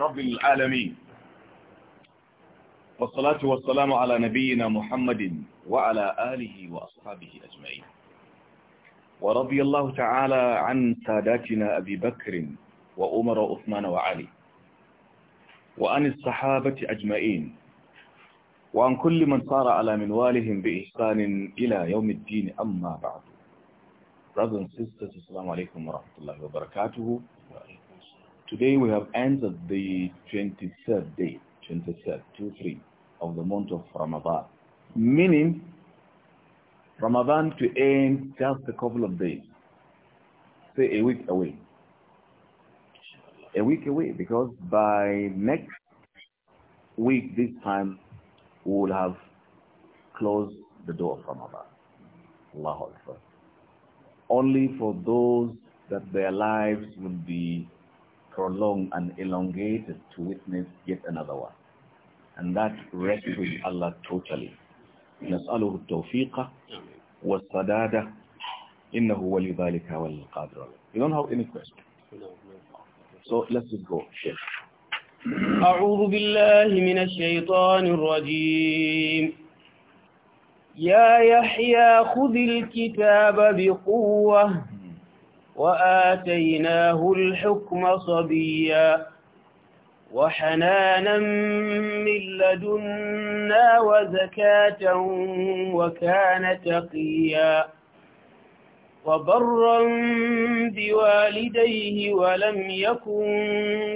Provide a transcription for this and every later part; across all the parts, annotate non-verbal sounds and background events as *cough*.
رب العالمين والصلاة والسلام على نبينا محمد وعلى آله وأصحابه أجمعين ورضي الله تعالى عن ساداتنا أبي بكر وأمر أثمان وعلي وعن الصحابة أجمعين وعن كل من صار على منوالهم بإحسان إلى يوم الدين أما بعد Brothers and sisters, Assalamu alaikum wa rahmatullahi wa barakatuhu. Today we have entered the 23rd day, 23rd, 23, of the month of Ramadan. Meaning, Ramadan to end just a couple of days. Say a week away. A week away because by next week this time we will have closed the door of Ramadan. Allahu Akbar. Only for those that their lives will be prolong and elongated to witness yet another one. And that rests with Allah totally. نسأله التوفيق والسدادة إنه ولي ذلك والقادر You don't have any question. So let's just go. Yes. أعوذ بالله من الشيطان الرجيم يا يحيى خذ الكتاب بقوة وآتيناه الحكم صبيا وحنانا من لدنا وزكاة وكان تقيا وبرا بوالديه ولم يكن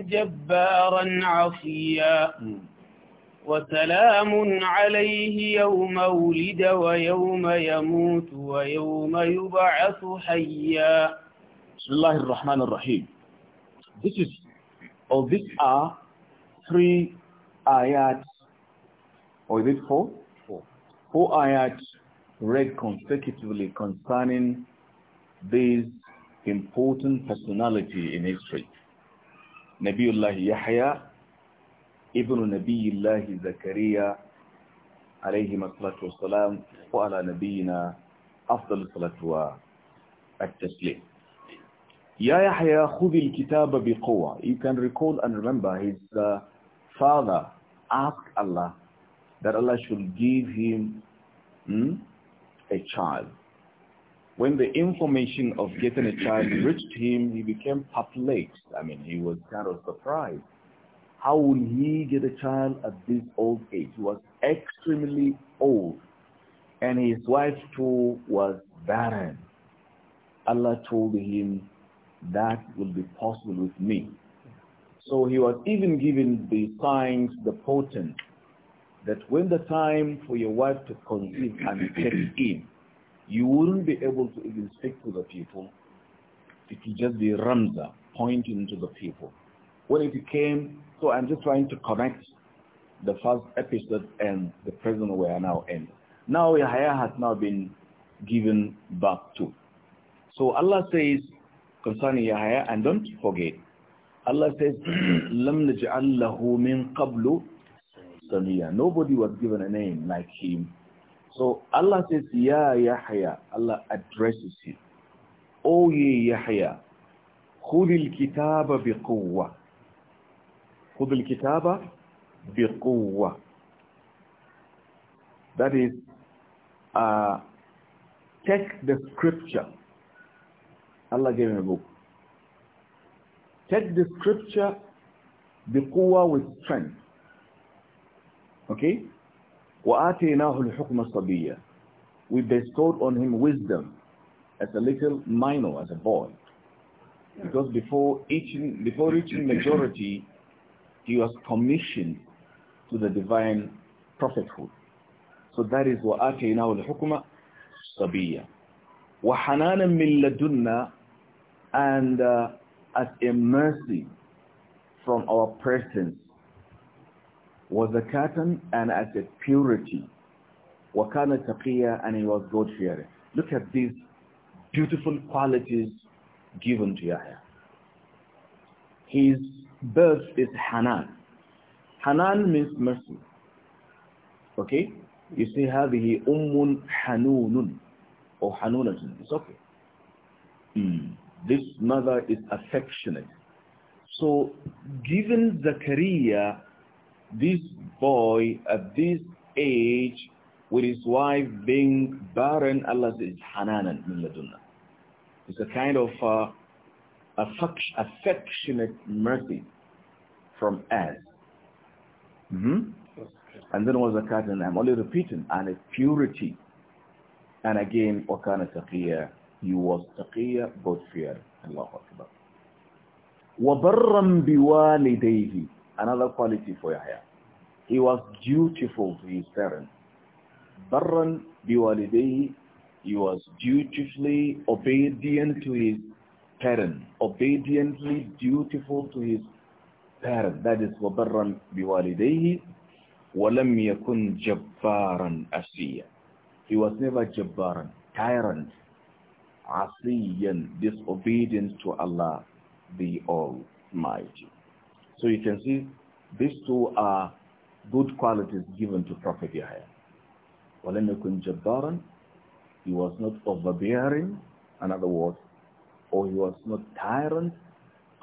جبارا عصيا وسلام عليه يوم ولد ويوم يموت ويوم يبعث حيا Bismillah ar-Rahman ar-Rahim. This is, or these are three ayat, or is it four? Four. Four ayat read consecutively concerning this important personality in history. Nabiullah Yahya, Ibn Nabiullah Zakaria, alayhi salatu wasalam, wa ala nabiyina, afdal salatu wa at Ya Yahya khudil kitaba biqwa. You can recall and remember his uh, father asked Allah that Allah should give him hmm, a child. When the information of getting a child reached him, he became perplexed. I mean, he was kind of surprised. How will he get a child at this old age? He was extremely old. And his wife too was barren. Allah told him, that will be possible with me. So he was even given the signs, the potent, that when the time for your wife to conceive and take in, you wouldn't be able to even speak to the people. It would just be Ramza pointing to the people. When it came, so I'm just trying to connect the first episode and the present where I now end. Now Yahya has now been given back to. So Allah says, concerning Yahya and don't forget. Allah says, لَمْ نَجْعَلْ لَهُ مِنْ قَبْلُ سَمِيًا Nobody was given a name like him. So Allah says, Ya Yahya, Allah addresses him. O ye Yahya, خُذِ الْكِتَابَ بِقُوَّةِ خُذِ الْكِتَابَ بِقُوَّةِ That is, uh, take the scripture Allah gave him a book. Take the scripture, the quwa with strength. Okay? وَآتَيْنَاهُ الْحُكْمَ الصَّبِيَّةِ We bestowed on him wisdom as a little minor, as a boy. Because before, reaching before reaching majority, he was commissioned to the divine prophethood. So that is وَآتَيْنَاهُ الْحُكْمَ صَبِيَّةِ وَحَنَانًا مِنْ لَدُنَّا and uh, as a mercy from our presence was a curtain and as a purity wakana taqiyya and he was God fearing look at these beautiful qualities given to Yahya his birth is Hanan Hanan means mercy okay you see he أم Hanunun or حنونة it's okay this mother is affectionate. So given Zakaria, this boy at this age, with his wife being barren, Allah says, Hananan min ladunna. It's a kind of uh, affectionate mercy from us. Mm -hmm. And then was zakat, and I'm only repeating, and a purity. And again, wakana taqiyya he was taqiyya, God-fearing. Allahu Akbar. وَبَرًّا بِوَالِدَيْهِ Another quality for Yahya. He was dutiful to his parents. بَرًّا بِوَالِدَيْهِ He was dutifully obedient to his parents. Obediently dutiful to his parents. That is وَبَرًّا بِوَالِدَيْهِ وَلَمْ يَكُنْ جَبَّارًا أَسِيًّا He was never jabbaran, tyrant asiyan, disobedience to Allah, the Almighty. So you can see these two are good qualities given to Prophet Yahya. وَلَمْ يَكُنْ جَبَّارًا He was not overbearing, in other words, or he was not tyrant,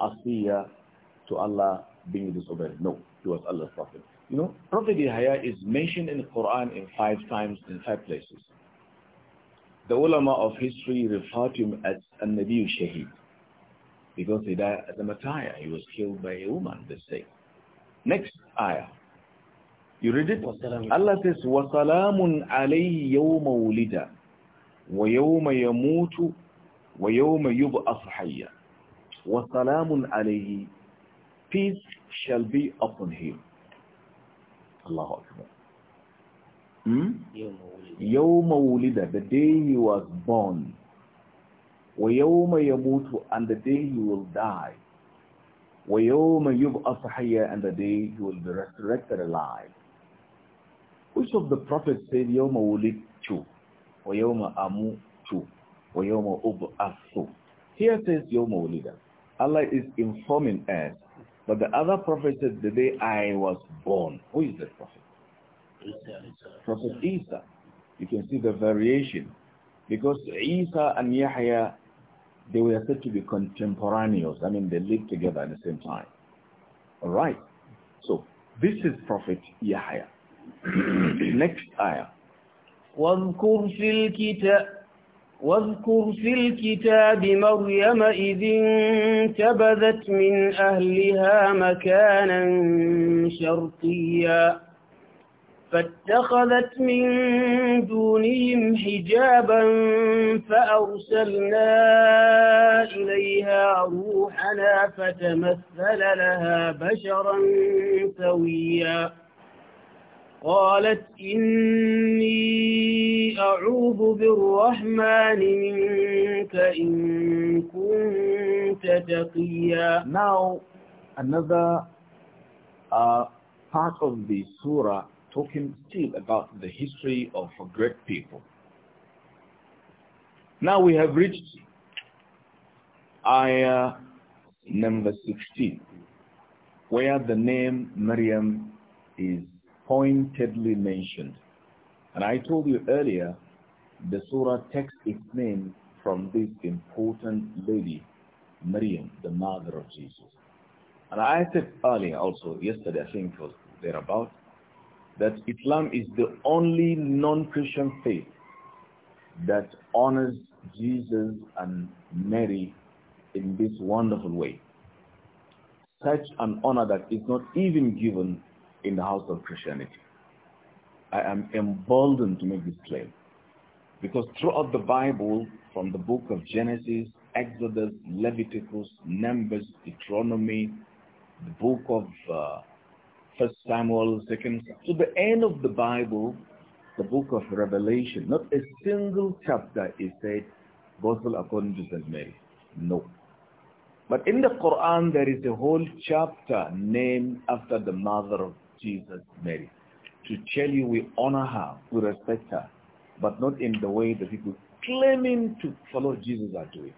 asiya, to Allah being disobedient. No, he was Allah's prophet. You know, Prophet Yahya is mentioned in the Quran in five times, in five places. The ulama of history refer to him as a nabiyu Shahid because he died as a Messiah. He was killed by a woman, they say. Next ayah. You read it? Allah says, وَسَلَامٌ عَلَيْهِ يَوْمَ وُلِدَ وَيَوْمَ يَمُوتُ وَيَوْمَ يُبْعَثُ حَيًّا وَسَلَامٌ عَلَيْهِ Peace shall be upon him. Allahu Akbar hmm? yawma wulida the day he was born wa yawma yamutu and the day he will die wa yawma yub'ath hayya and the day he will be resurrected alive which of the prophets said yawma wulid tu wa yawma amu tu wa yawma ub'ath here says yawma wulida Allah is informing us but the other prophet said the day I was born who is that prophet Prophet Isa. You can see the variation. Because Isa and Yahya, they were said to be contemporaneous. I mean, they lived together at the same time. All right. So, this is Prophet Yahya. *clears throat* Next ayah. واذكر في الكتاب واذكر في الكتاب مريم إذ انتبذت من أهلها مكانا شرقيا فاتخذت من دونهم حجابا فأرسلنا إليها روحنا فتمثل لها بشرا سويا قالت إني أعوذ بالرحمن منك إن كنت تقيا Now another uh, part of the surah talking still about the history of great people. Now we have reached ayah number 16, where the name Maryam is pointedly mentioned. And I told you earlier, the surah takes its name from this important lady, Maryam, the mother of Jesus. And I said earlier also, yesterday I think it was thereabout, that Islam is the only non-Christian faith that honors Jesus and Mary in this wonderful way. Such an honor that is not even given in the house of Christianity. I am emboldened to make this claim because throughout the Bible, from the book of Genesis, Exodus, Leviticus, Numbers, Deuteronomy, the book of uh, First Samuel, Second. To the end of the Bible, the book of Revelation, not a single chapter is said gospel according to St. Mary. No. But in the Quran, there is a whole chapter named after the mother of Jesus, Mary, to tell you we honor her, we respect her, but not in the way the people claiming to follow Jesus are doing.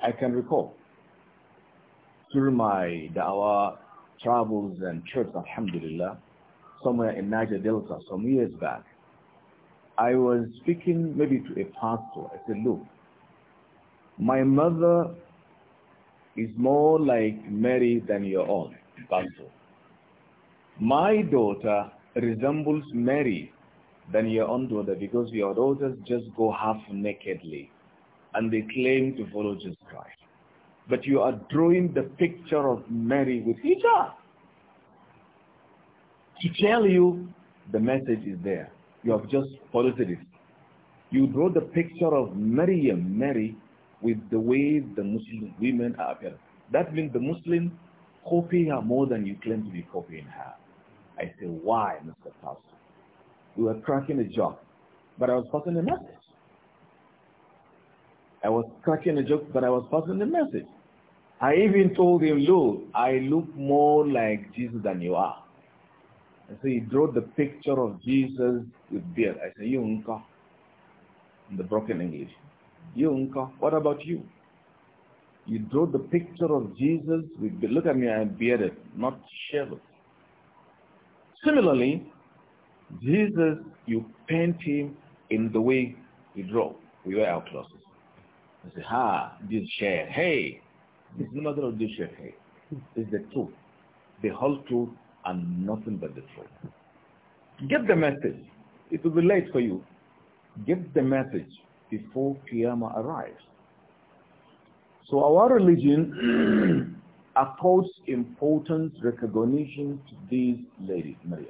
I can recall through my dawah travels and trips, alhamdulillah, somewhere in Niger Delta some years back. I was speaking maybe to a pastor. I said, look, my mother is more like Mary than your own, pastor. My daughter resembles Mary than your own daughter because your daughters just go half nakedly and they claim to follow Jesus Christ. But you are drawing the picture of Mary with hijab. To tell you, the message is there. You have just polluted it. You draw the picture of Mary and Mary with the way the Muslim women are appearing. That means the Muslim copy her more than you claim to be copying her. I say, why, Mr. Pastor? We were cracking a joke, but I was passing a message. I was cracking a joke, but I was passing a message. I even told him, look, I look more like Jesus than you are. And so he drew the picture of Jesus with beard. I said, you unka. In the broken English. You unka, what about you? You drew the picture of Jesus with beard. Look at me, I'm bearded, not shaved. Similarly, Jesus, you paint him in the way he draw. We wear our clothes. I say, ha, this share. Hey, it's the mother of the Shafi. It's the truth. The whole truth and nothing but the truth. Get the message. It will be late for you. Get the message before Piama arrives. So our religion accords *clears throat* important recognition to these ladies, Maria.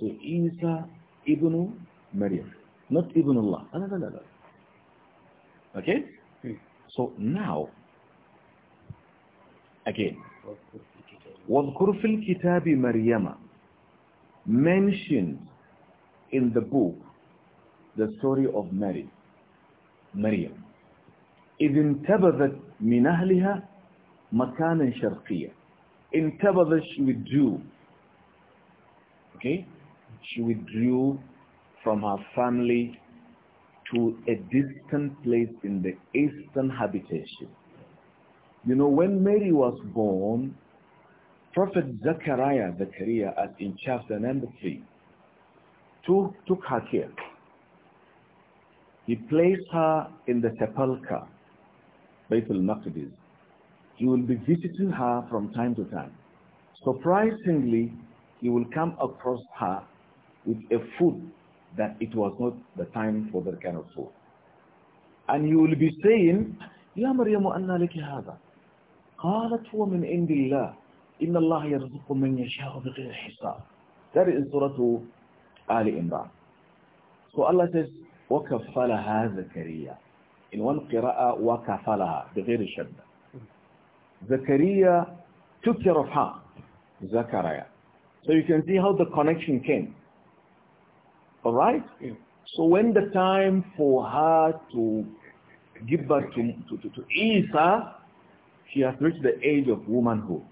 So Isa ibn Maryam, not ibn Allah. No, no, no, no. Okay? So now, again, was فِي الْكِتَابِ مَرْيَمَ mentioned in the book the story of Mary, Maryam. إِذْ انْتَبَذَتْ مِنْ أَهْلِهَا مَكَانًا شَرْقِيًا انْتَبَذَتْ she withdrew. Okay? She withdrew from her family to a distant place in the eastern habitation. You know, when Mary was born, Prophet Zechariah, Zechariah as in chapter number 3, took, took her care. He placed her in the sepulchre, Bethel Maqdis. He will be visiting her from time to time. Surprisingly, he will come across her with a food that it was not the time for that kind of food. And you will be saying, يا مريم أنا لك هذا قالت هو من inna الله إن الله يرزق من يشاء بغير حساب That is Surah Al Imran. So Allah says, وَكَفَّلَهَا زَكَرِيَّا In one قراءة, وَكَفَّلَهَا بغير شد. Zakaria took care of her. Zakaria. So you can see how the connection came. All right? Yeah. So when the time for her to give birth to, to, to, to Isa, she has reached the age of womanhood.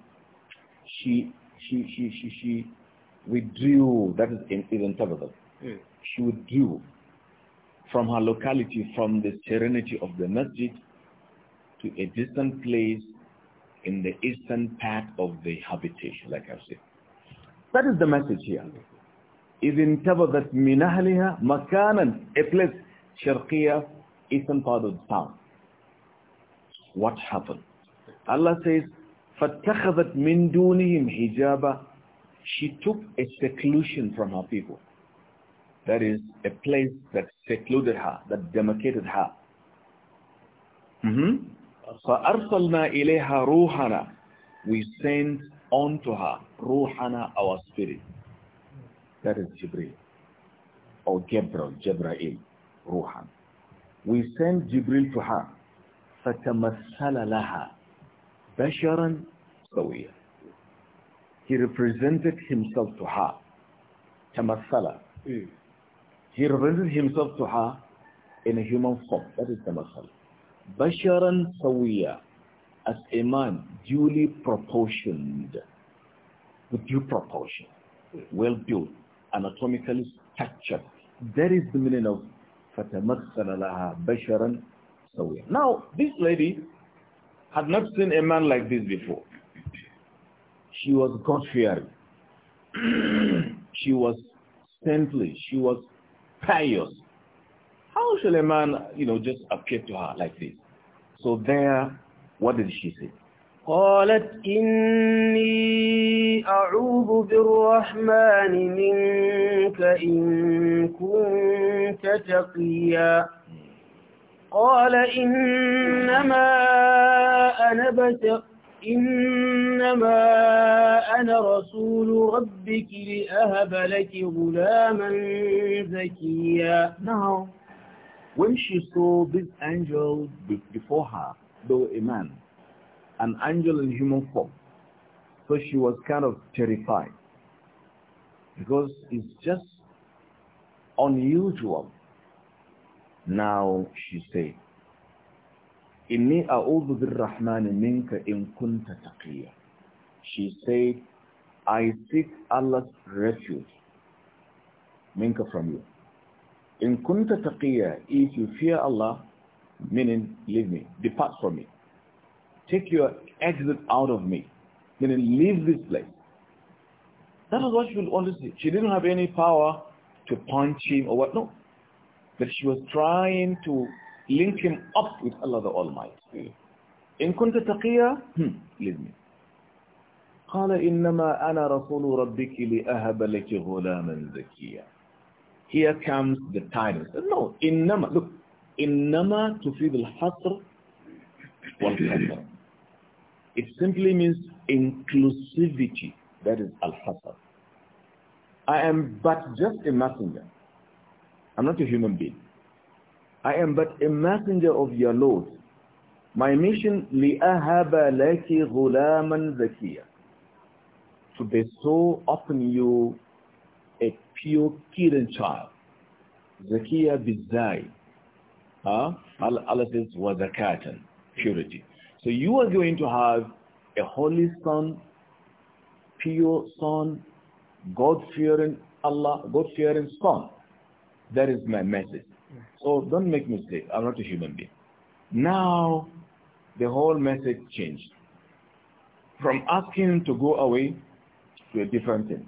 She, she, she, she, she withdrew, that is in, in Yeah. Hmm. She withdrew from her locality, from the serenity of the masjid to a distant place in the eastern part of the habitation, like I said. That is the message here. إذ انتبذت من أهلها مكانا a شرقية eastern part of what happened Allah says فاتخذت من دونهم حجابا she took a seclusion from her people that is a place that secluded her that demarcated her mm -hmm. فأرسلنا إليها روحنا we sent onto her روحنا our spirit That is Jibril. Or Gabriel, Jibrail, Ruhan. We send Jibril to her. فَتَمَثَّلَ لَهَا بَشَرًا سَوِيًّا He represented himself to her. Tamassala. He represented himself to her in a human form. That is Tamassala. Basharan Sawiya, as a man duly proportioned, with due proportion, well built, anatomically structured. That is the meaning of فَتَمَثَّلَ لَهَا بَشَرًا سَوِيًا Now, this lady had not seen a man like this before. She was God-fearing. *clears throat* she was saintly. She was pious. How shall a man, you know, just appear to her like this? So there, what did she say? قالت إني أعوذ بالرحمن منك إن كنت تقيا قال إنما أنا بشر إنما أنا رسول ربك لأهب لك غلاما زكيا Now, when she saw this angel before her, though a man, an angel in human form. So she was kind of terrified because it's just unusual. Now she said, Inni a'udhu minka in kunta taqiyya. She said, I seek Allah's refuge minka from you. In kunta taqiyya, if you fear Allah, meaning leave me, depart from me. Take your exit out of me. Meaning, leave this place. That was what she would always say. She didn't have any power to punch him or what, no. But she was trying to link him up with Allah the Almighty. إن كنت تقيا leave me. قال إنما أنا رسول ربك لأهب لك غلاما زكيا Here comes the title. No, إنما, look, إنما تفيد الحصر والكثرة it simply means inclusivity. That is Al-Hassan. I am but just a messenger. I'm not a human being. I am but a messenger of your Lord. My mission, لِأَهَبَ لَكِ غُلَامًا ذَكِيًا To bestow upon you a pure Kiran child. Zakiya bizai. Huh? Allah says, وَزَكَاتًا Purity. So you are going to have a holy son, pure son, God-fearing Allah, God-fearing son. That is my message. So don't make mistake. I'm not a human being. Now, the whole message changed. From asking to go away to a different thing.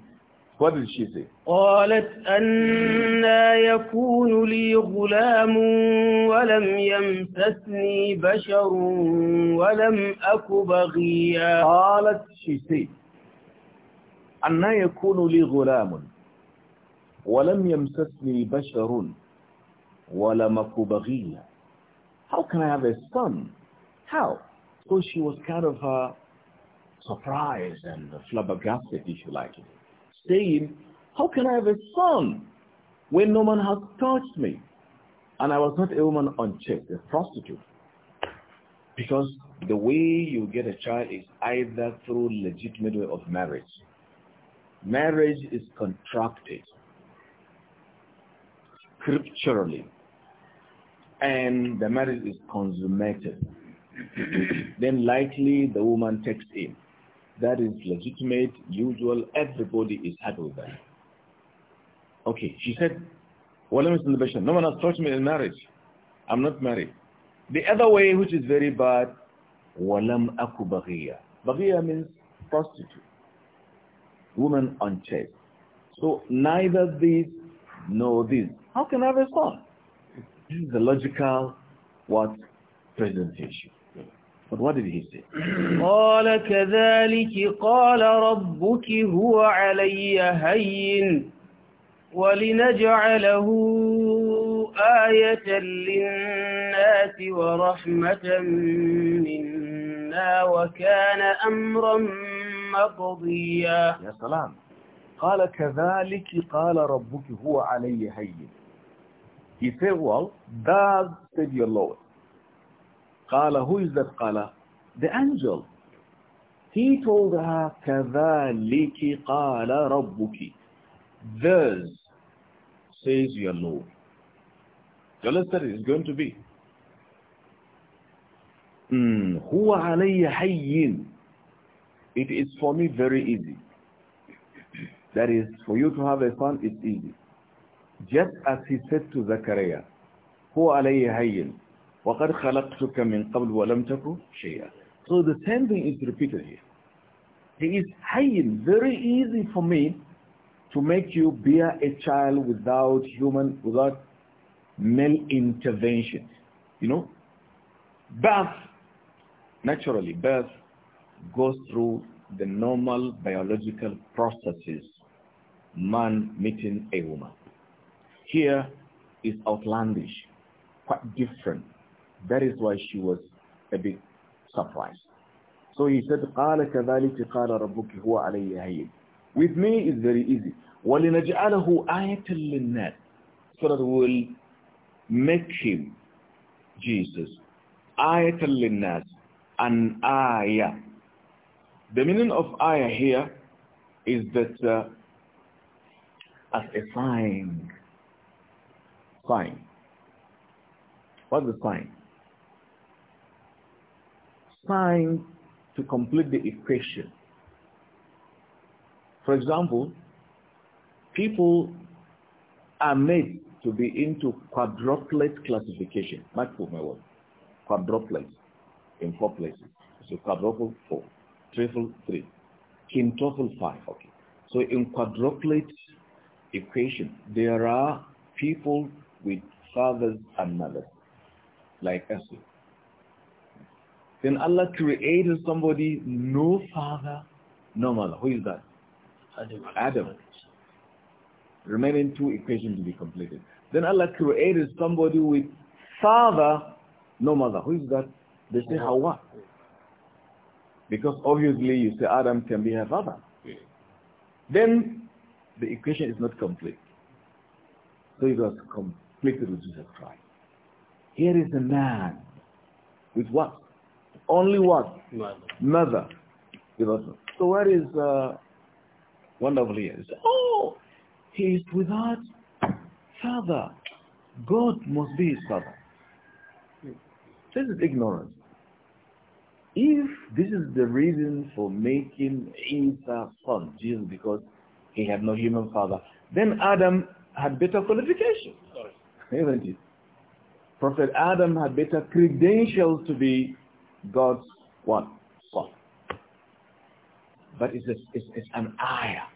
فضل شي زي قالت أن يكون لي غلام ولم يمسسني بشر ولم أكو بغيا قالت شي زي أنا يكون لي غلام ولم يمسسني بشر ولم أكو بغيا How can I have a son? How? So she was kind of uh, surprised and flabbergasted, if you like it. saying, how can I have a son when no man has touched me? And I was not a woman unchecked, a prostitute. Because the way you get a child is either through legitimate way of marriage. Marriage is contracted scripturally and the marriage is consummated. *clears throat* then likely the woman takes in that is legitimate, usual, everybody is happy with that. Okay, she said, well, let me the no one has taught me in marriage. I'm not married. The other way, which is very bad, walam aku baghiya. Baghiya means prostitute, woman unchaste. So neither this nor this. How can I respond? This is the logical what presentation. But what did he say? قال كذلك قال ربك هو علي هين ولنجعله آية للناس ورحمة منا وكان أمرا مقضيا يا سلام قال كذلك قال ربك هو علي هين He said, well, that said your Lord. قال who is that Qala? The angel. He told her, كَذَلِكِ قَالَ رَبُّكِ Thus says your Lord. Tell us that it's going to be. هُوَ عَلَيَّ حَيٍّ It is for me very easy. That is, for you to have a son, it's easy. Just as he said to Zachariah, هُوَ عَلَيَّ حَيٍّ وَقَدْ خَلَقْتُكَ مِنْ قَبْلُ وَلَمْ تَكُ شَيْئًا So the same thing is repeated here. He is very easy for me to make you bear a child without human, without male intervention. You know, birth, naturally, birth goes through the normal biological processes, man meeting a woman. Here is outlandish, quite different that is why she was a bit surprised. So he said, قَالَ كَذَلِكَ قَالَ رَبُّكِ هُوَ عَلَيْهِ هَيِّنْ With me is very easy. وَلِنَجْعَلَهُ آيَةً لِلنَّاسِ So that will make him, Jesus, آيَةً لِلنَّاسِ An ayah. The meaning of ayah here is that uh, as a sign. Sign. What's the sign? Time to complete the equation. For example, people are made to be into quadruplet classification. Mark for my word. Quadruplet in four places. So quadruple four, triple three, quintuple five. Okay. So in quadruplet equation, there are people with fathers and mothers, like us. Then Allah created somebody, no father, no mother. Who is that? Adam. Adam. Remaining two equations to be completed. Then Allah created somebody with father, no mother. Who is that? They say Hawa. Because obviously you say Adam can be her father. Then the equation is not complete. So it was completed with Jesus Christ. Here is a man with what? Only one? Mother. Mother. So where is uh, wonderful he is? Oh, he is without father. God must be his father. This is ignorance. If this is the reason for making Isa son, Jesus, because he had no human father, then Adam had better qualifications. Sorry. *laughs* not Prophet Adam had better credentials to be God's one Son. But it's, a, it's, it's an ayah.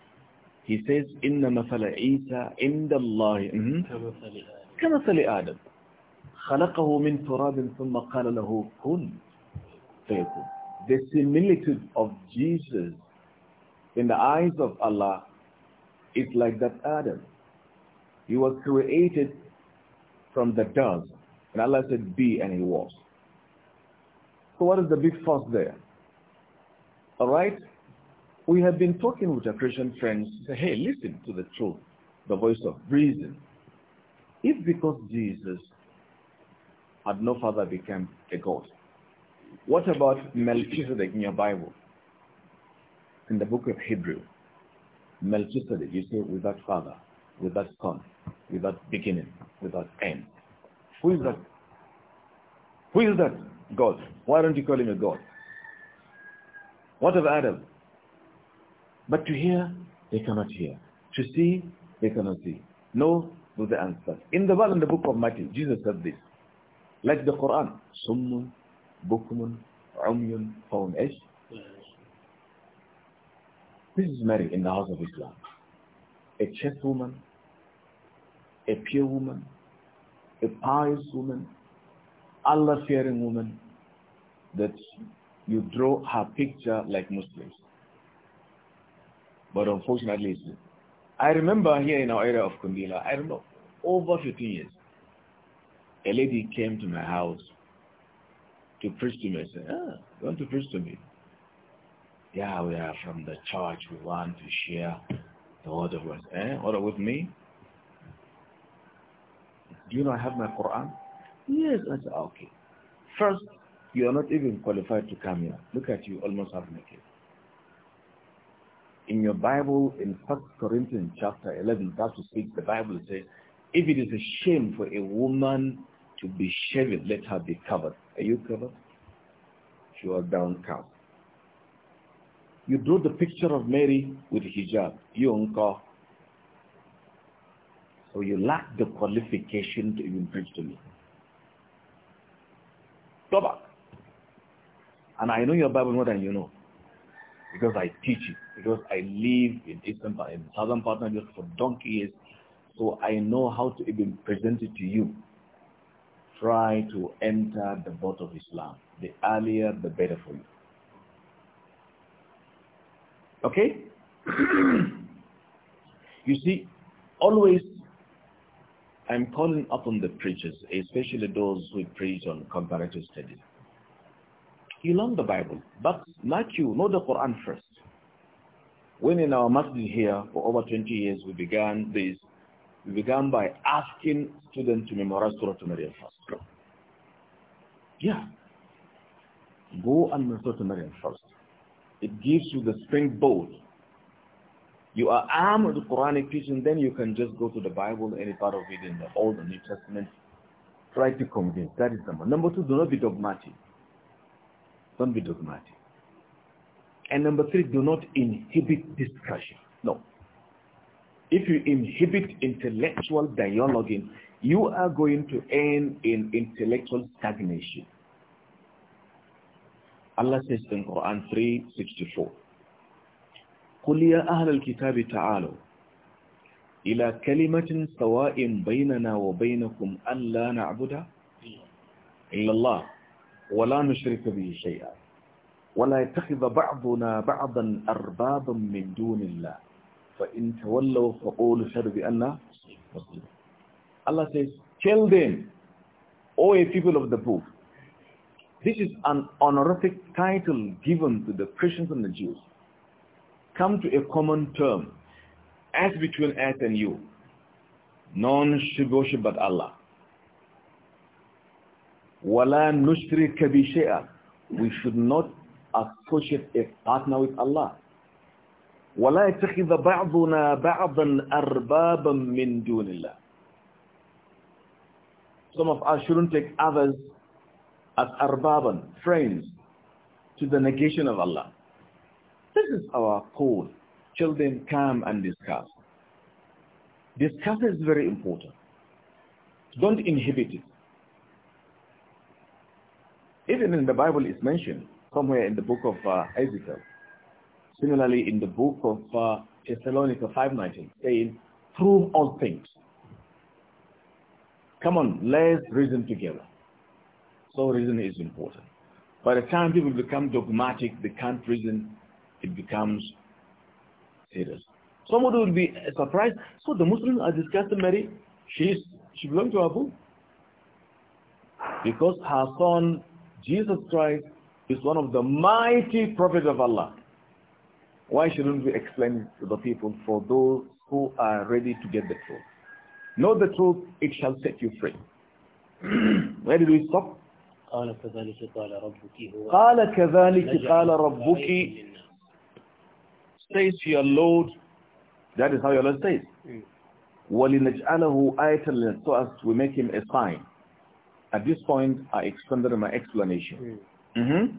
He says, إِنَّ مَثَلَ عِيسَى عِنْدَ اللَّهِ كَمَثَلِ Adam. خَلَقَهُ مِنْ تُرَابٍ ثُمَّ قَالَ لَهُ كُنْ فَيَكُنْ The similitude of Jesus in the eyes of Allah is like that Adam. He was created from the dust. And Allah said, be, and he was. So what is the big fuss there? All right? We have been talking with our Christian friends. Say, hey, listen to the truth, the voice of reason. If because Jesus had no father became a god, what about Melchizedek in your Bible? In the book of Hebrew, Melchizedek, you say, without father, without son, without beginning, without end. Who is that? Who is that? God. Why don't you call him a God? What of Adam? But to hear, they cannot hear. To see, they cannot see. No, do the answer. In the Bible, in the book of Matthew, Jesus said this. Like the Quran, Summun, Bukmun, Umyun, Qawm Ish. This is Mary in the house of Islam. A chaste woman, a pure woman, a pious woman, Allah-fearing woman that you draw her picture like Muslims. But unfortunately, I remember here in our area of Kundila, I don't know, over 15 years, a lady came to my house to preach to me. I said, ah, you want to preach to me? Yeah, we are from the church. We want to share the word of God. Eh? Order with me? Do you know I have my Quran? Yes, I said, okay. First, you are not even qualified to come here. Look at you, almost half naked. In your Bible, in 1 Corinthians chapter 11, verse 6, the Bible says, if it is a shame for a woman to be shaven, let her be covered. Are you covered? You are downcast. You drew the picture of Mary with hijab. You uncle. So you lack the qualification to even preach to me. Go back. And I know your Bible more than you know. Because I teach it. Because I live in Eastern part, in Southern part of just for donkey years. So I know how to even present it to you. Try to enter the boat of Islam. The earlier, the better for you. Okay? *clears throat* you see, always I'm calling upon the preachers, especially those who preach on comparative studies. You learn the Bible, but like you, know the Quran first. When in our masjid here, for over 20 years, we began this, we began by asking students to memorize Surah Maryam first. Yeah. Go and memorize Surah Maryam first. It gives you the springboard you are armed with Quranic teaching, then you can just go to the Bible, any part of it in the Old and New Testament. Try to convince. That is number. Number two, do not be dogmatic. Don't be dogmatic. And number three, do not inhibit discussion. No. If you inhibit intellectual dialoguing, you are going to end in intellectual stagnation. Allah says in Quran 364, قل يا أهل الكتاب تعالوا إلى كلمة سواء بيننا وبينكم أن لا نعبد إلا الله ولا نشرك به شيئا ولا يتخذ بعضنا بعضا أربابا من دون الله فإن تولوا فقولوا شر بأن الله says, tell them, O ye people of the book, this is an honorific title given to the Christians and the Jews. come to a common term as between us and you. None should worship but Allah. وَلَا نُشْرِكَ بِشَيْئًا We should not associate a partner with Allah. وَلَا يَتَخِذَ بَعْضُنَا بَعْضًا أَرْبَابًا مِّن دُونِ اللَّهِ Some of us shouldn't take others as arbaban, friends, to the negation of Allah. This is our call. Children, come and discuss. Discuss is very important. Don't inhibit it. Even in the Bible it's mentioned somewhere in the book of uh, Ezekiel. Similarly, in the book of uh, Thessalonica 5.19, saying, prove all things. Come on, let's reason together. So reason is important. By the time people become dogmatic, they can't reason it becomes serious. Somebody will be surprised. So the Muslims are discussing Mary. She's, she belongs to Abu. Because her son, Jesus Christ, is one of the mighty prophets of Allah. Why shouldn't we explain to the people for those who are ready to get the truth? Know the truth, it shall set you free. *clears throat* Where did we stop? قال كذلك قال ربك Say to your Lord, that is how your Lord says. Mm. وَلِنَجْعَلَهُ آيَةً So as we make him a sign. At this point, I extended my explanation. Mm.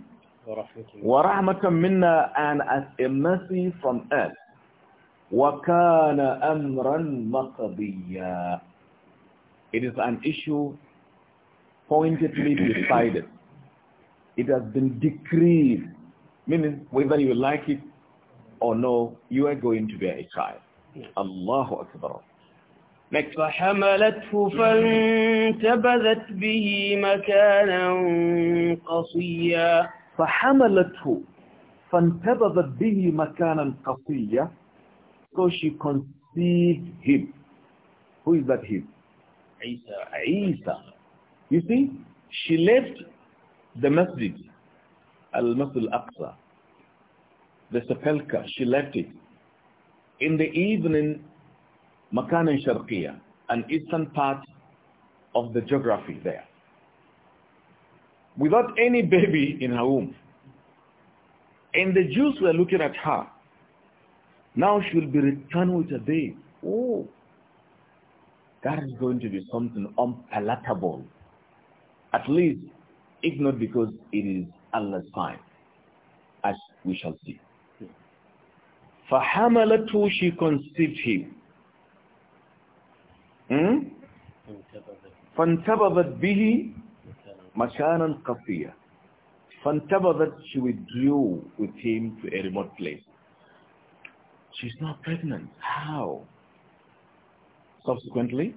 Mm-hmm. وَرَحْمَةً مِنَّا And as a mercy from us. وَكَانَ أَمْرًا مَقَضِيًّا It is an issue pointedly decided. It has been decreed. Meaning, whether you like it or no, you are going to be a child. Allahu Akbar. Next. فحملته فانتبذت به مكانا قصيا فحملته فانتبذت به مكانا قصيا So she conceived him. Who is that him? Isa. Isa. You see, she left the masjid, al-Masjid al-Aqsa, the sepulchre, she left it. In the evening, Makan and Sharqiyah, an eastern part of the geography there. Without any baby in her womb. And the Jews were looking at her. Now she will be returned with a baby. Oh, that is going to be something unpalatable. At least, if not because it is Allah's sign, as we shall see. فحملته she conceived him hmm? فانتبذت به مكانا قصيا فانتبذت she withdrew with him to a remote place she's not pregnant how subsequently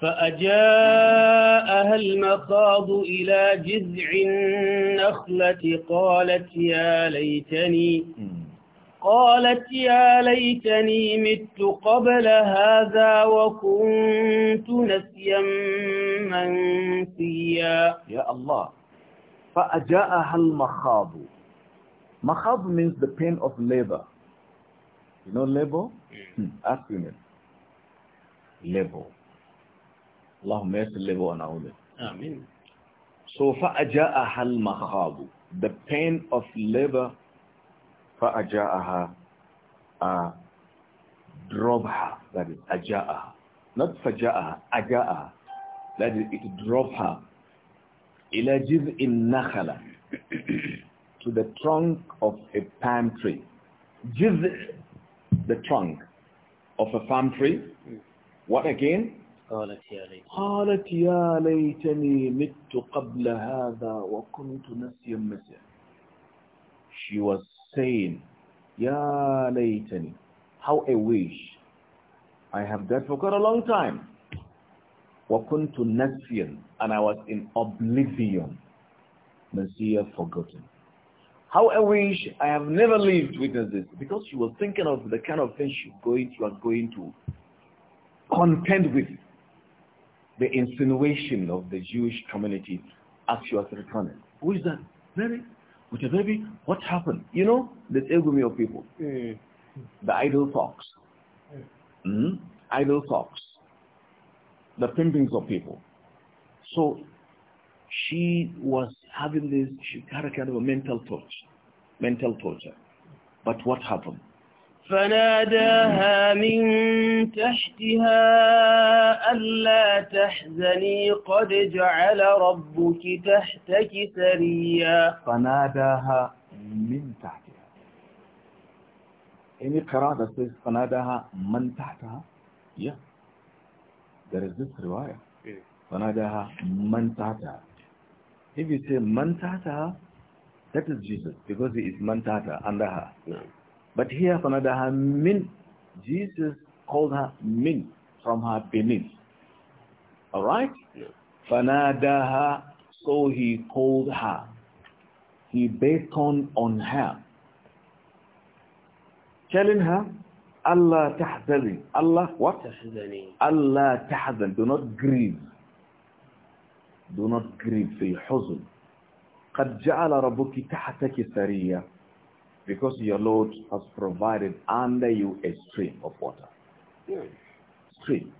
فأجاءها المخاض إلى جذع النخلة قالت يا ليتني قالت يا ليتني مت قبل هذا وكنت نسيا منسيا يا الله فأجاءها المخاض مخاض means the pain of labor you know labor? Hmm. Hmm, ask me labor اللهم يسر labor أقول آمين so فأجاءها المخاض the pain of labor فأجاءها uh, that is أجاءها not فجاءها أجاءها that is it drove her إلى جذع النخلة to the trunk of a palm tree جذع the trunk of a palm tree what again قالت يا ليت قالت يا ليتني مت قبل هذا وكنت نسيا مسيا she was saying, Ya laytani, how I wish I have that for quite a long time. to nasiyan, and I was in oblivion, Messiah forgotten. How I wish I have never lived witness this, because she was thinking of the kind of things she going to going to contend with the insinuation of the Jewish community as she was returning. Who is that? Mary? Which is maybe what happened? You know, this agony of people. Mm. The idle talks. Mm. Hmm? Idle talks. The pimpings of people. So she was having this she had a kind of a mental torture. Mental torture. But what happened? فناداها من تحتها ألا تحزني قد جعل ربك تحتك سريا فناداها من تحتها any قراءة says فناداها من تحتها yeah there is this رواية فناداها من تحتها if you say من تحتها that is Jesus because he is من تحتها under her yeah. نعم. But here another her min. Jesus called her min from her beneath. All right? Yeah. her, so he called her. He beckoned on her, telling her, Allah tahzani. Allah what? Tahzani. Allah tahzan. Do not grieve. Do not grieve. في حزن. قد جعل ربك تحتك سريا because your Lord has provided under you a stream of water. Yes. Stream.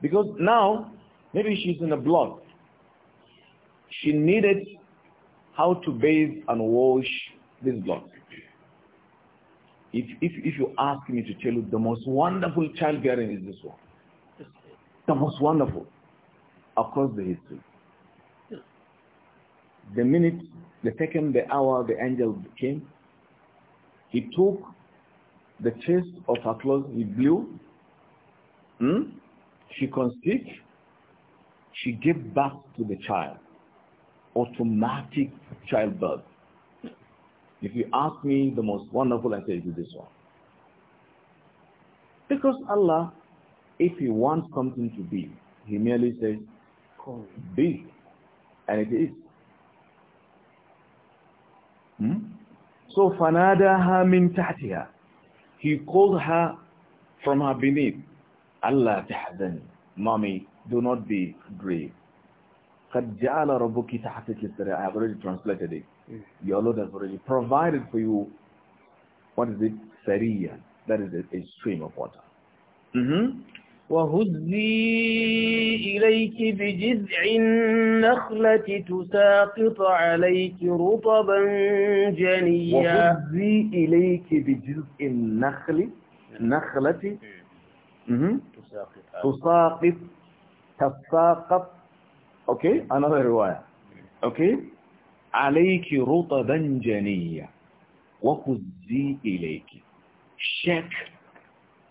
Because now, maybe she's in a block. She needed how to bathe and wash this block. If, if, if you ask me to tell you, the most wonderful childbearing is this one. The most wonderful across the history. The minute, the second, the hour, the angel came, he took the chest of her clothes, he blew. Hmm? She conceived. She gave birth to the child. Automatic childbirth. If you ask me the most wonderful, I say it is this one. Because Allah, if He wants something to be, He merely says, be. And it is. Hmm? So فَنَادَهَا min تَحْتِهَا He called her from her beneath. Allah تَحْزَنِ Mommy, do not be grieved. قَدْ جَعَلَ رَبُّكِ تَحْتِكِ I have already translated it. Your Lord has already provided for you, what is it? Sariya. That is a, a stream of water. Mm -hmm. وهزي إليك بجذع النخلة تساقط عليك رطبا جنيا وهزي إليك بجذع النخل نخلة تساقط تساقط أوكي أنا رواية أوكي عليك رطبا جنيا وهزي إليك شك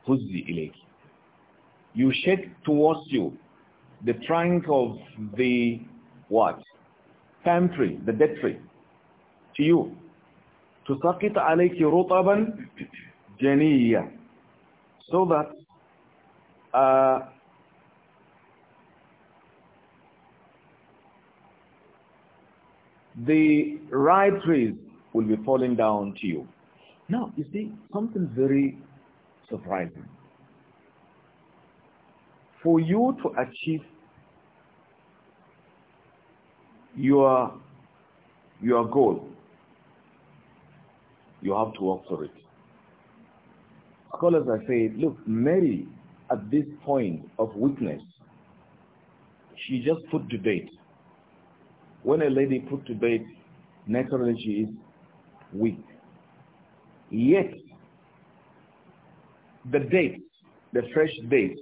هزي إليك you shake towards you the trunk of the what? Palm tree, the dead tree, to you. To عَلَيْكِ رُطَبًا جَنِيًّا So that uh, the right trees will be falling down to you. Now, you see, something very surprising for you to achieve your your goal you have to work for it scholars are saying look mary at this point of weakness she just put to bed when a lady put to bed naturally she is weak yet the date, the fresh date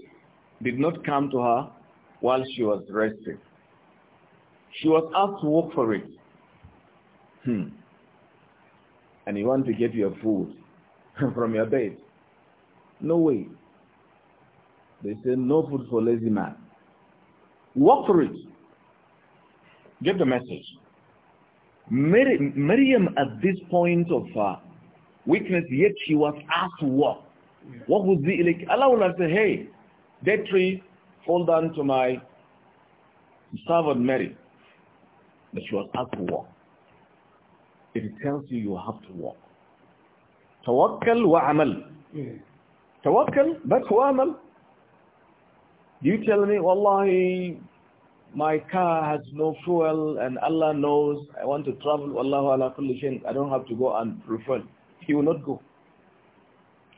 did not come to her while she was resting. She was asked to work for it. Hmm. And you want to get your food *laughs* from your bed. No way. They say no food for lazy man. Work for it. Get the message. Mary, Miriam at this point of weakness, yet she was asked to work. What would be like? Allah will say, hey, Day three, hold on to my servant Mary that she was asked to walk. It tells you you have to walk. Tawakkal wa amal. Tawakkal, but wa amal. You tell me, Wallahi, my car has no fuel and Allah knows I want to travel. Wallahu ala kulli shayin. I don't have to go and refuel. He will not go.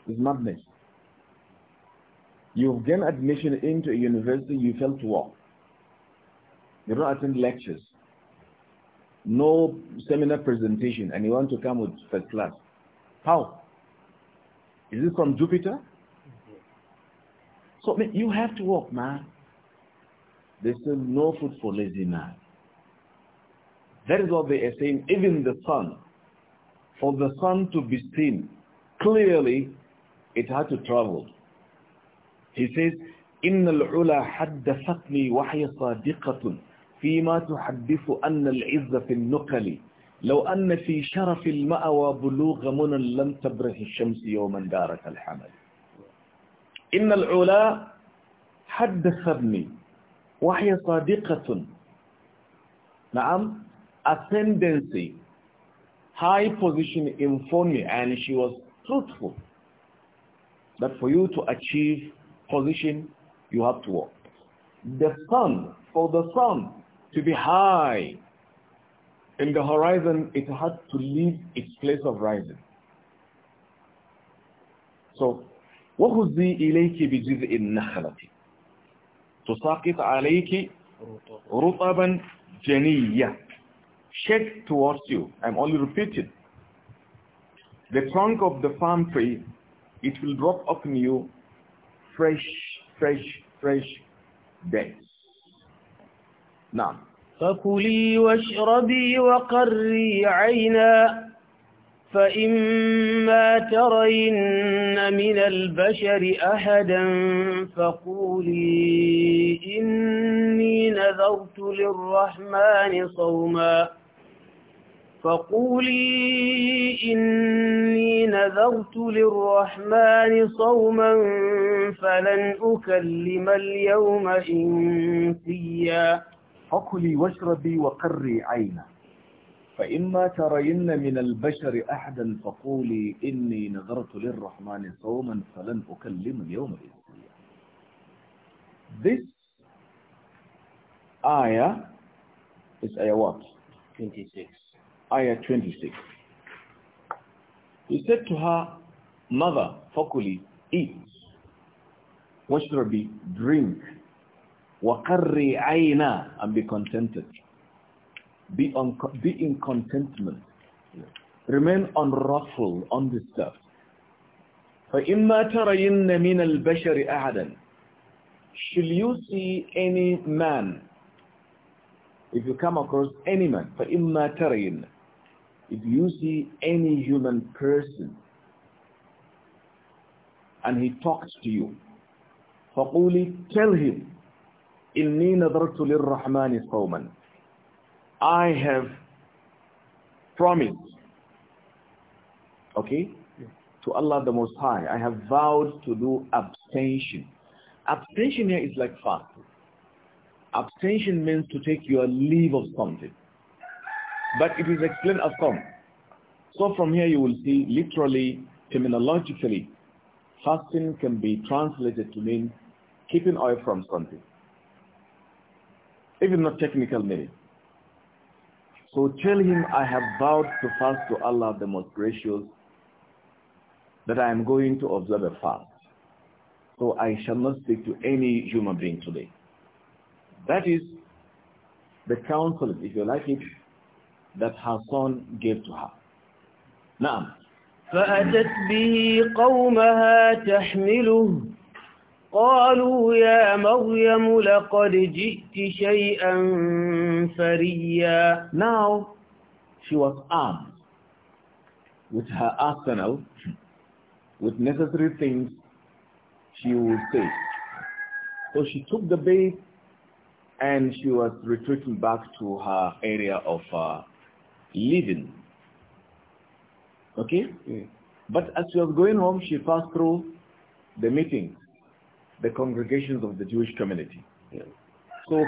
It's madness. You've gained admission into a university, you fail to walk. You don't attend lectures. No seminar presentation, and you want to come with first class. How? Is it from Jupiter? So you have to walk, man. There's still no food for lazy man. That is what they are saying. Even the sun, for the sun to be seen clearly, it had to travel. He says, إن العلا حدثتني وحي صادقة فيما تحدث أن العز في النقل لو أن في شرف المأوى بلوغ منا لم تبره الشمس يوما دارك الحمل إن العلا حدثتني وحي صادقة نعم ascendancy high position informed me and she was truthful that for you to achieve position you have to walk. The sun, for the sun to be high in the horizon, it had to leave its place of rising. So, وَخُذِّي إِلَيْكِ بِجِذْءِ النَّخْلَةِ تُسَاقِطْ عَلَيْكِ رُطَبًا جَنِيًّا Shake towards you. I'm only repeating. The trunk of the palm tree, it will drop upon you fresh, fresh, fresh dates. نعم. فكلي واشربي وقري عينا فإما ترين من البشر أحدا فقولي إني نذرت للرحمن صوما فقولي إني نذرت للرحمن صوما فلن أكلم اليوم إنسيا فكلي واشربي وقري عينا فإما ترين من البشر أحدا فقولي إني نذرت للرحمن صوما فلن أكلم اليوم إنسيا This ayah is ayah what? 26. ayah 26. He said to her, Mother, Fakuli, eat. be, drink. Wakarri ayna, and be contented. Be, on, be in contentment. Remain unruffled, undisturbed. فَإِمَّا تَرَيِنَّ مِنَ الْبَشَرِ أَحَدًا Shall you see any man? If you come across any man, فَإِمَّا تَرَيِنَّ if you see any human person and he talks to you, فَقُولِ Tell him, إِنِّي نَذَرْتُ لِلرَّحْمَنِ صَوْمًا I have promised, okay, to Allah the Most High, I have vowed to do abstention. Abstention here is like fasting. Abstention means to take your leave of something. But it is explained as come. So from here you will see literally, terminologically, fasting can be translated to mean keeping away from something. Even not technical meaning. So tell him I have vowed to fast to Allah the most gracious that I am going to observe a fast. So I shall not speak to any human being today. That is the counsel, if you like it, that her son gave to her. نعم فأتت به قومها تحمله قالوا يا مريم لقد جئت شيئا فريا Now she was armed with her arsenal with necessary things she would take. So she took the bait and she was retreating back to her area of uh, leaving. Okay? Yeah. Hmm. But as she was going home, she passed through the meetings, the congregations of the Jewish community. Yeah. So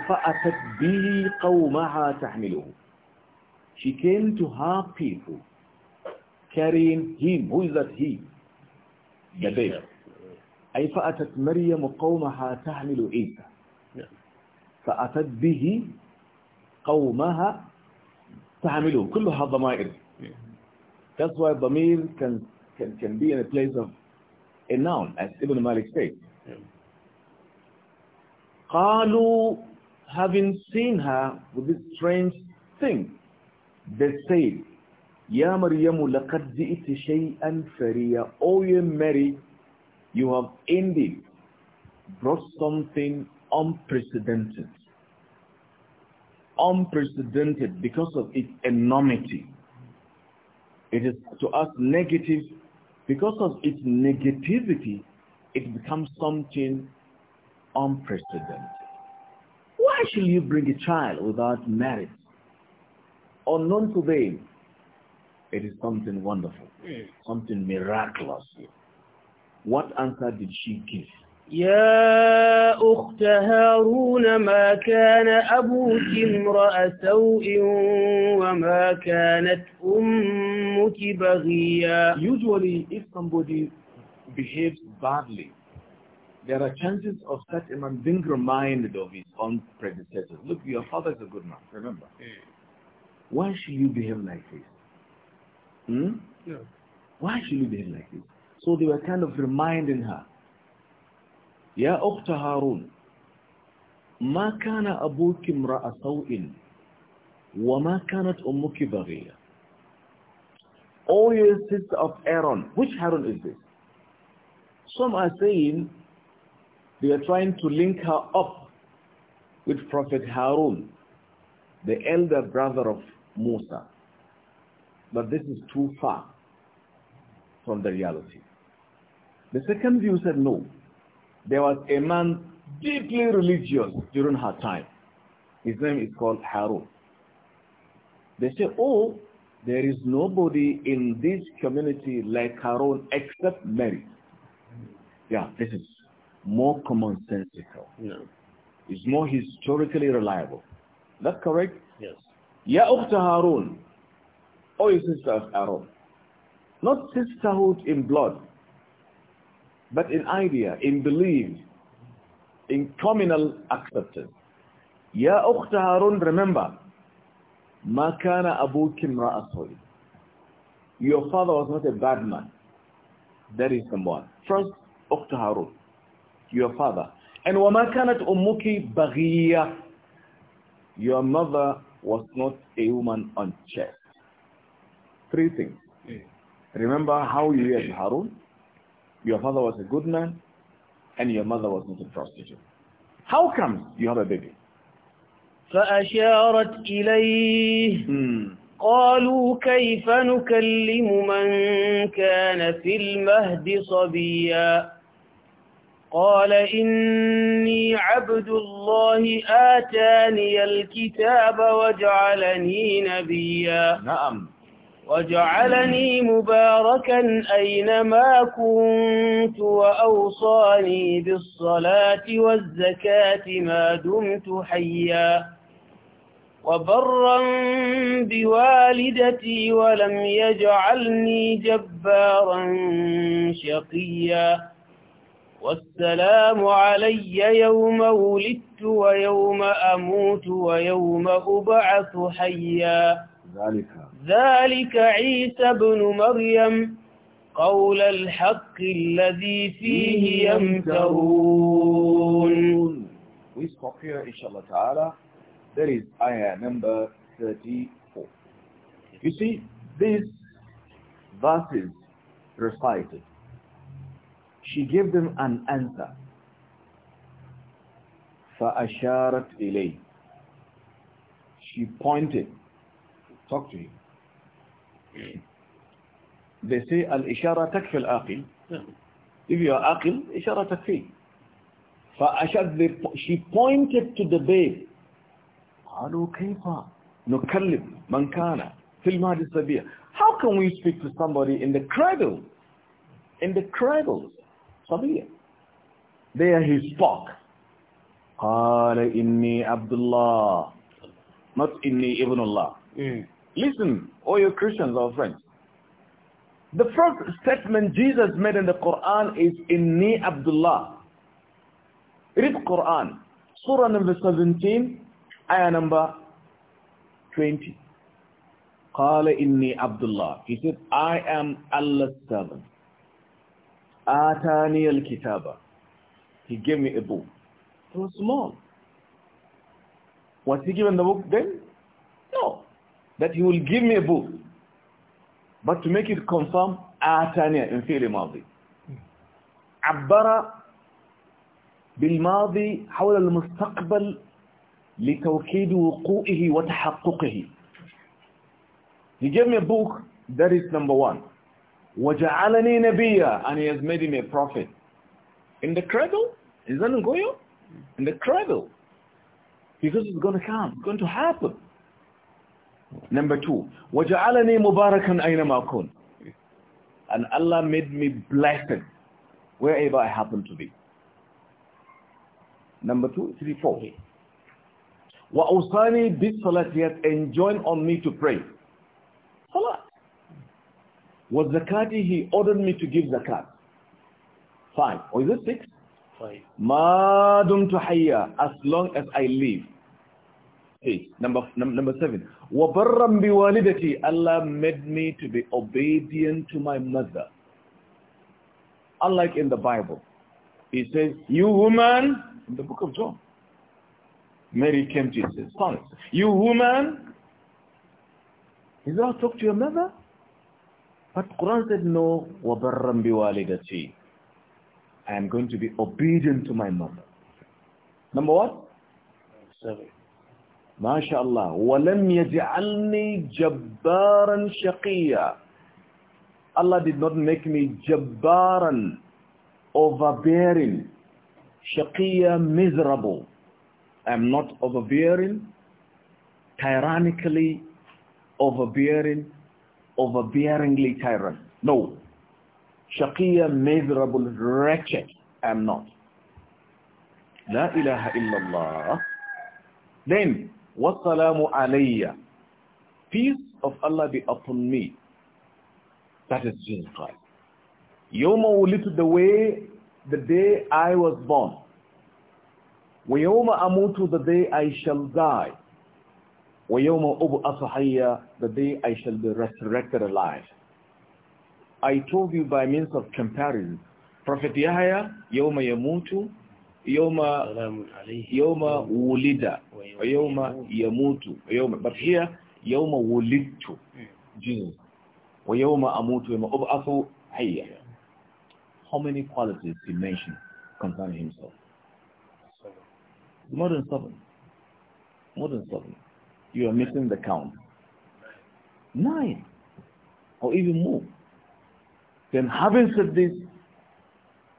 She came to her people carrying him. Who is that he? The baby. أي فأتت مريم قومها تحمل عيسى فأتت به قومها تعمله كلها ضمائر that's why ضمير can, can, can be in a place of a noun as Ibn Malik said. قالوا having seen her with this strange thing they said يا مريم لقد جئت شيئا فريا O you Mary you have indeed brought something unprecedented unprecedented because of its enormity. It is to us negative. Because of its negativity, it becomes something unprecedented. Why should you bring a child without marriage? Unknown to them, it is something wonderful, hmm. something miraculous. What answer did she give? يا أخت هارون ما كان أبوك امرأ سوء وما كانت أمك بغيا Usually if somebody behaves badly, there are chances of such a man being reminded of his own predecessors. Look, your father is a good man, remember. Why should you behave like this? Hmm? Yeah. Why should you behave like this? So they were kind of reminding her. يا أخت هارون ما كان أبوك امرأة سوء وما كانت أمك بغية Oh, your sister of Aaron. Which Aaron is this? Some are saying they are trying to link her up with Prophet Harun, the elder brother of Musa. But this is too far from the reality. The second view said no there was a man deeply religious during her time. His name is called Harun. They say, oh, there is nobody in this community like Harun except Mary. Yeah, this is more commonsensical. No. It's more historically reliable. That's correct? Yes. Ya Ukhta Harun. Oh, your sister of Harun. Not sisterhood in blood, but in idea, in belief, in communal acceptance. Ya Ukhta Harun, remember, Ma kana Abu Kimra Aswali. Your father was not a bad man. That is number one. First, Ukhta Harun, your father. And وَمَا كَانَتْ أُمُّكِ Your mother was not a woman unchaste. Three things. Remember how you were Harun? your father was a good man and your mother was not a prostitute. How come you have a baby? فأشارت إليه hmm. قالوا كيف نكلم من كان في المهد صبيا قال إني عبد الله آتاني الكتاب وجعلني نبيا نعم وجعلني مباركا أينما كنت وأوصاني بالصلاة والزكاة ما دمت حيا وبرا بوالدتي ولم يجعلني جبارا شقيا والسلام علي يوم ولدت ويوم أموت ويوم أبعث حيا ذلك ذلك عيسى بن مريم قول الحق الذي فيه يمترون We stop here inshallah ta'ala That is ayah number 34 You see these verses recited She gave them an answer فأشارت إليه She pointed Talk to him They say, Al-Ishara takfil aqil. If you are aqil, Ishara takfil. فأشد she pointed to the babe قالوا كيف نكلم من كان في المهد السبيع how can we speak to somebody in the cradle in the cradle صبيع there he spoke قال إني عبد الله not إني ابن الله mm. Listen, all you Christians, our friends. The first statement Jesus made in the Quran is Inni Abdullah. Read Quran, Surah number 17, ayah number 20. قال إني عبد الله He said, I am Allah's servant. آتاني الكتاب He gave me a book. It was small. Was he given the book then? No that he will give me a book. But to make it confirm, آتاني in فعل ماضي. عبر بالماضي حول المستقبل لتوكيد وقوعه وتحققه. He gave me a book, that is number one. وَجَعَلَنِي نَبِيًّا And he has made him a prophet. In the cradle? Is that go? In the cradle. Because it's going to come. It's going to happen. Number two, وَجَعَلَنِي مُبَارَكًا أَيْنَمَا كُنْ And Allah made me blessed wherever I happen to be. Number two, three, four. وَأَوْصَانِي بِالصَّلَاةِ yet enjoin on me to pray. Salat. وَالزَّكَاتِ He ordered me to give zakat. Five. Or is it six? Five. مَا دُمْتُ حَيَّا As long as I live eight, number, number seven. bi walidati. Allah made me to be obedient to my mother. Unlike in the Bible. He says, you woman, in the book of John, Mary came to his son. You woman, he said, talk to your mother. But Quran said, no, bi walidati." I am going to be obedient to my mother. Number what? Seven. ما شاء الله ولم يجعلني جبارا شقيا Allah did not make me جبارا overbearing شقيا miserable I'm not overbearing tyrannically overbearing overbearingly tyrant no شقيا miserable wretched I'm not لا إله إلا الله then Wassalamu alayya. Peace of Allah be upon me. That is Jesus Christ. Yoma ulitu the way, the day I was born. Wayoma amutu the day I shall die. Wayoma ubu asahaya the day I shall be resurrected alive. I told you by means of comparison. Prophet Yahya, Yoma yamutu, yoma يوم yoma ويوم يموت ويوم but here yoma ولدت جنس yoma أموت ويوم aso حيا how many qualities he mentioned concerning himself more than seven more than seven you are missing the count nine or even more then having said this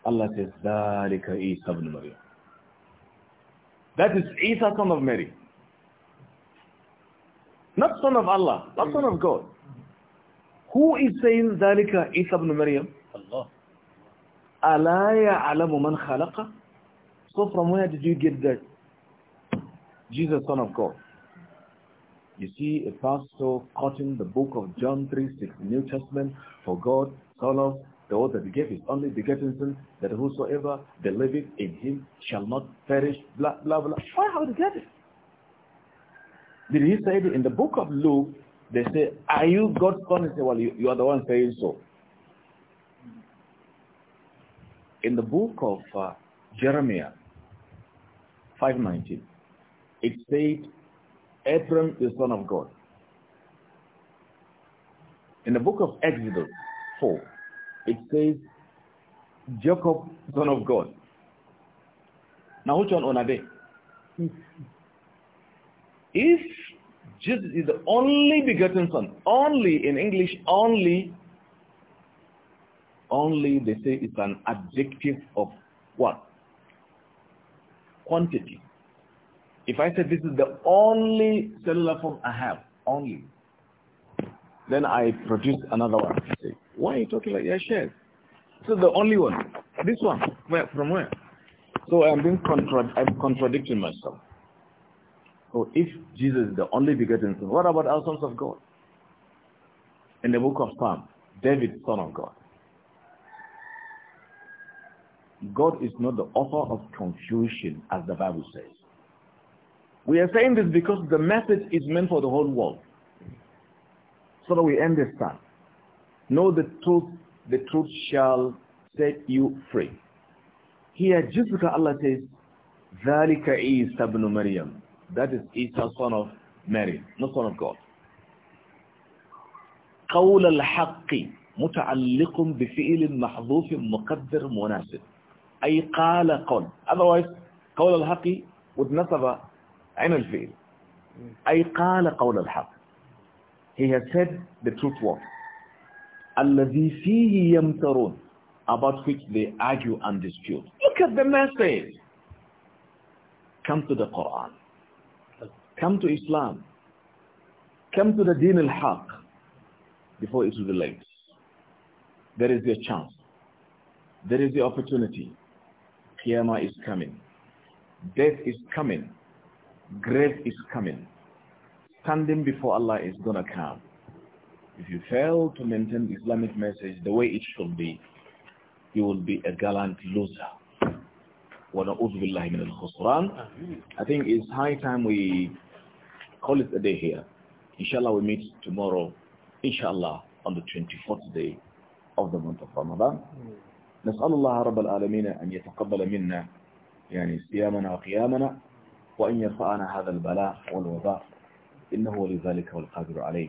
Allah says, ذَلِكَ إِيسَى بْنُ مَرْيَمْ That is Isa son of Mary. Not son of Allah, not son of God. Who is saying ذَلِكَ إِيسَى بْنُ مَرْيَمْ? Allah. أَلَا يَعْلَمُ مَنْ khalaqa. So from where did you get that? Jesus son of God. You see a pastor quoting the book of John 3, 6, New Testament, for God, scholars, the word that he gave is only begotten Son, that whosoever believeth in him shall not perish, blah, blah, blah. Why have did he get it? Did he say it in the book of Luke, they say, are you God's son? He said, well, you, you, are the one saying so. In the book of uh, Jeremiah 5.19, it said, Abram is son of God. In the book of Exodus 4, it says, Jacob, son of God. Now which one on they? If Jesus is the only begotten son, only in English, only, only they say it's an adjective of what? Quantity. If I say this is the only cellular phone I have, only, then I produce another one. Why are you talking like your shares? So the only one. This one. Where? From where? So I'm being contrad— I'm contradicting myself. So if Jesus is the only begotten son, what about our sons of God? In the book of Psalm, David, son of God. God is not the author of confusion, as the Bible says. We are saying this because the message is meant for the whole world. So that we understand. Know the truth, the truth shall set you free. Here, just because Allah says, ذَلِكَ عِيسَى بْنُ مَرْيَمْ That is Isa, son of Mary, not son of God. قول الحق متعلق بفعل محذوف مقدر مناسب أي قال قول otherwise قول الحق would نصب عين الفعل أي قال قول الحق he has said the truth word الَّذِي فِيهِ يَمْتَرُونَ about which they argue and dispute. Look at the message. Come to the Quran. Come to Islam. Come to the Deen al-Haq before it will be late. There is a chance. There is the opportunity. Qiyamah is coming. Death is coming. Grave is coming. Standing before Allah is going to come. If you fail to maintain Islamic message the way it should be, you will be a gallant loser. I think it's high time we call it a day here. Inshallah, we meet tomorrow, inshallah, on the 24th day of the month of Ramadan. نسأل الله رب العالمين أن يتقبل منا يعني صيامنا وقيامنا وأن يرفعنا هذا البلاء والوباء إنه لِذَلِكَ والقادر عليه